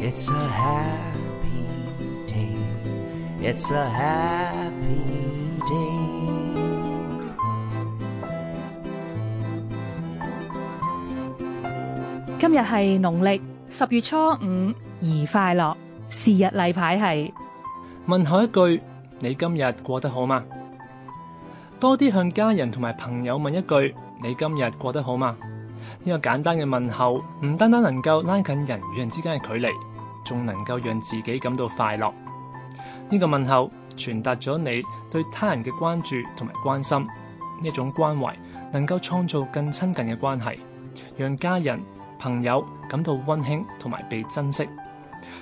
今日係農曆十月初五，而快樂日是日例牌係，問候一句，你今日過得好嗎？多啲向家人同埋朋友問一句，你今日過得好嗎？呢個簡單嘅問候唔單單能夠拉近人與人之間嘅距離，仲能夠讓自己感到快樂。呢個問候傳達咗你對他人嘅關注同埋關心，呢種關懷，能夠創造更親近嘅關係，讓家人、朋友感到温馨同埋被珍惜。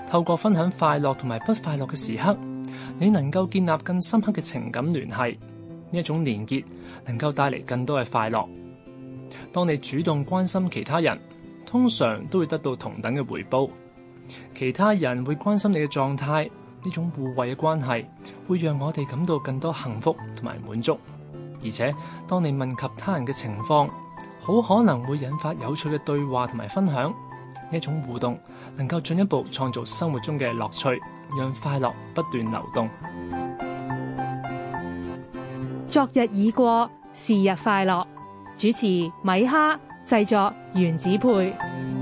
透過分享快樂同埋不快樂嘅時刻，你能夠建立更深刻嘅情感聯繫，呢種連結能夠帶嚟更多嘅快樂。當你主動關心其他人，通常都會得到同等嘅回報。其他人會關心你嘅狀態，呢種互惠嘅關係會讓我哋感到更多幸福同埋滿足。而且當你問及他人嘅情況，好可能會引發有趣嘅對話同埋分享。呢種互動能夠進一步創造生活中嘅樂趣，讓快樂不斷流動。昨日已過，是日快樂。主持米哈，製作原子配。